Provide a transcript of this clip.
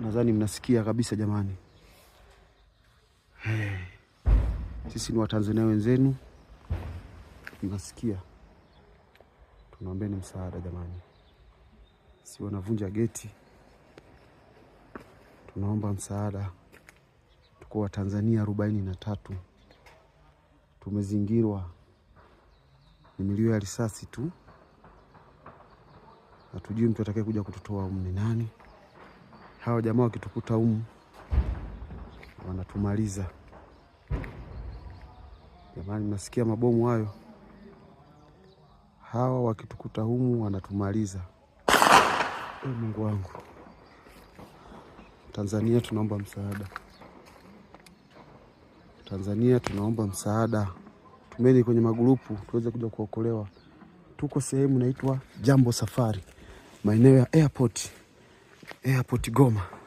nadhani mnasikia kabisa jamani. Hey. Sisi ni Watanzania wenzenu, mnasikia, tunaombeni msaada jamani, si wanavunja geti, tunaomba msaada. Tuko Watanzania arobaini na tatu, tumezingirwa, ni milio ya risasi tu, hatujui mtu atakaye kuja kututoa humu ni nani hawa jamaa wakitukuta humu wanatumaliza. Jamani, mnasikia mabomu hayo? Hawa wakitukuta humu wanatumaliza. E, Mungu wangu. Tanzania tunaomba msaada. Tanzania tunaomba msaada, tumeni kwenye magurupu tuweze kuja kuokolewa. Tuko sehemu inaitwa Jambo Safari, maeneo ya airport. é a Potigoma.